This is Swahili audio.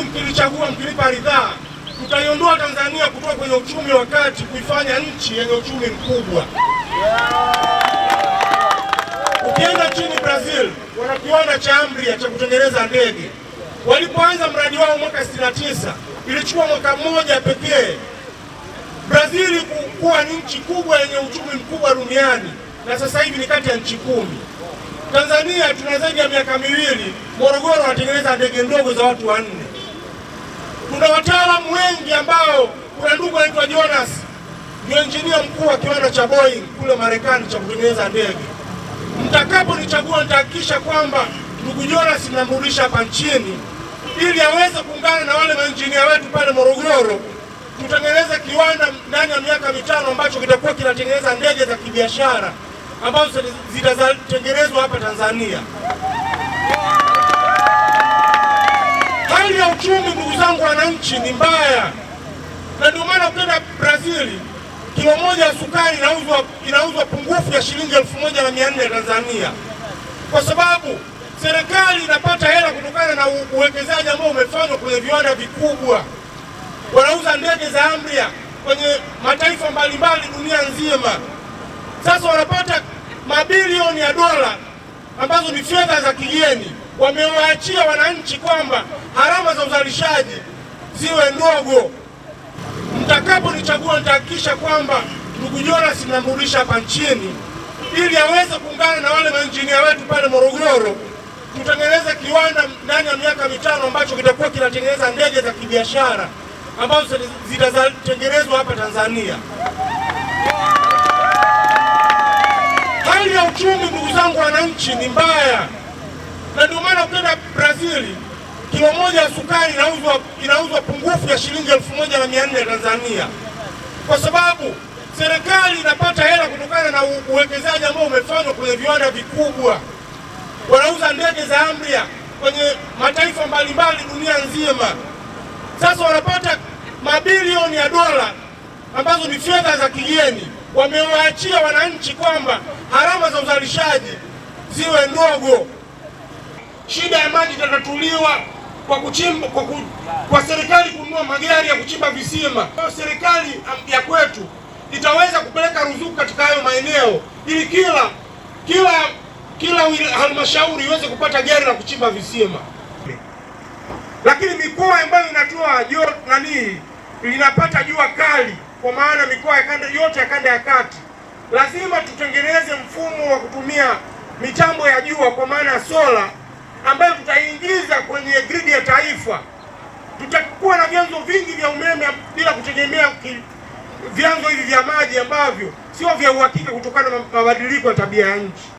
Nyinyi mkilichagua, mkilipa ridhaa, tutaiondoa Tanzania kutoka kwenye uchumi wa kati kuifanya nchi yenye uchumi mkubwa. Ukienda chini Brazil, wana kiwanda cha amria cha kutengeneza ndege. Walipoanza mradi wao mwaka 69 ilichukua mwaka mmoja pekee Brazil kuwa ni nchi kubwa yenye uchumi mkubwa duniani, na sasa hivi ni kati ya nchi kumi. Tanzania tuna zaidi ya miaka miwili, Morogoro wanatengeneza ndege ndogo za watu wanne. Tuna wataalamu wengi ambao, kuna ndugu anaitwa Jonas, ndio injinia mkuu wa kiwanda cha Boeing kule Marekani cha kutengeneza ndege. Mtakaponichagua nitahakikisha kwamba ndugu Jonas namrudisha hapa nchini ili aweze kuungana na wale mainjinia wetu pale Morogoro tutengeneze kiwanda ndani ya miaka mitano ambacho kitakuwa kinatengeneza ndege za kibiashara ambazo zitatengenezwa hapa Tanzania. Hali ya uchumi zangu wananchi, ni mbaya, na ndio maana ukienda Brazili kilo moja ya sukari inauzwa inauzwa pungufu ya shilingi elfu moja na mia nne Tanzania, kwa sababu serikali inapata hela kutokana na uwekezaji ambao umefanywa kwenye viwanda vikubwa. Wanauza ndege za amria kwenye mataifa mbalimbali dunia nzima. Sasa wanapata mabilioni ya dola ambazo ni fedha za kigeni wamewaachia wananchi kwamba gharama za uzalishaji ziwe ndogo. Mtakaponichagua nitahakikisha kwamba ndugu Jonas namrudisha hapa nchini ili aweze kuungana na wale mainjinia wetu pale Morogoro, kutengeneza kiwanda ndani ya miaka mitano ambacho kitakuwa kinatengeneza ndege za kibiashara ambazo zitatengenezwa hapa Tanzania. Hali ya uchumi, ndugu zangu wananchi, ni mbaya na ndio maana ukienda Brazili kilo moja ya sukari inauzwa inauzwa pungufu ya shilingi elfu moja na mia nne Tanzania, kwa sababu serikali inapata hela kutokana na uwekezaji ambao umefanywa kwenye viwanda vikubwa. Wanauza ndege za Ambria kwenye mataifa mbalimbali dunia nzima. Sasa wanapata mabilioni ya dola ambazo ni fedha za kigeni, wamewaachia wananchi kwamba gharama za uzalishaji ziwe ndogo shida ya maji itatatuliwa kwa kuchimba kwa, ku, kwa serikali kununua magari ya kuchimba visima. Serikali ya kwetu itaweza kupeleka ruzuku katika hayo maeneo ili kila kila kila halmashauri iweze kupata gari la kuchimba visima. Lakini mikoa ambayo inatoa joto nani linapata jua kali, kwa maana mikoa ya kanda yote ya kanda ya kati, lazima tutengeneze mfumo wa kutumia mitambo ya jua, kwa maana sola ambayo tutaingiza kwenye gridi ya taifa. Tutakuwa na vyanzo vingi vya umeme bila kutegemea vyanzo hivi vya maji ambavyo sio vya uhakika kutokana na mabadiliko ya tabia ya nchi.